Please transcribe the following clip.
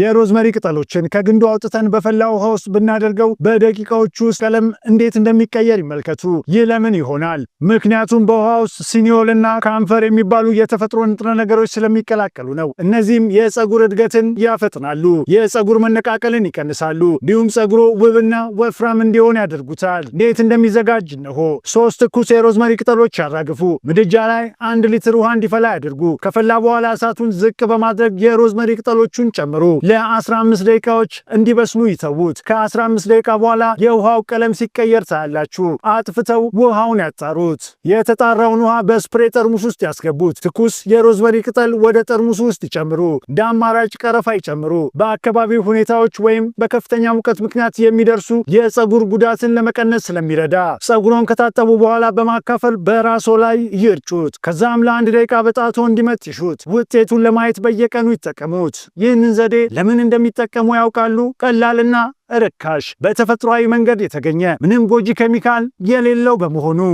የሮዝመሪ ቅጠሎችን ከግንዱ አውጥተን በፈላ ውሃ ውስጥ ብናደርገው በደቂቃዎቹ ውስጥ ቀለም እንዴት እንደሚቀየር ይመልከቱ። ይህ ለምን ይሆናል? ምክንያቱም በውሃ ውስጥ ሲኒዮልና ካንፈር የሚባሉ የተፈጥሮ ንጥረ ነገሮች ስለሚቀላቀሉ ነው። እነዚህም የፀጉር እድገትን ያፈጥናሉ፣ የፀጉር መነቃቀልን ይቀንሳሉ፣ እንዲሁም ፀጉሩ ውብና ወፍራም እንዲሆን ያደርጉታል። እንዴት እንደሚዘጋጅ ነሆ ሶስት ትኩስ የሮዝመሪ ቅጠሎች ያራግፉ። ምድጃ ላይ አንድ ሊትር ውሃ እንዲፈላ ያድርጉ። ከፈላ በኋላ እሳቱን ዝቅ በማድረግ የሮዝመሪ ቅጠሎቹን ጨምሩ። ለ15 ደቂቃዎች እንዲበስሉ ይተዉት። ከ15 ደቂቃ በኋላ የውሃው ቀለም ሲቀየር ታያላችሁ። አጥፍተው ውሃውን ያጣሩት። የተጣራውን ውሃ በስፕሬ ጠርሙስ ውስጥ ያስገቡት። ትኩስ የሮዝመሪ ቅጠል ወደ ጠርሙስ ውስጥ ይጨምሩ። እንደ አማራጭ ቀረፋ ይጨምሩ። በአካባቢው ሁኔታዎች ወይም በከፍተኛ ሙቀት ምክንያት የሚደርሱ የፀጉር ጉዳትን ለመቀነስ ስለሚረዳ ፀጉሮን ከታጠቡ በኋላ በማካፈል በራሶ ላይ ይርጩት። ከዛም ለአንድ ደቂቃ በጣቶ እንዲመት ይሹት። ውጤቱን ለማየት በየቀኑ ይጠቀሙት። ይህንን ዘዴ ለምን እንደሚጠቀሙ ያውቃሉ። ቀላልና ርካሽ በተፈጥሯዊ መንገድ የተገኘ ምንም ጎጂ ኬሚካል የሌለው በመሆኑ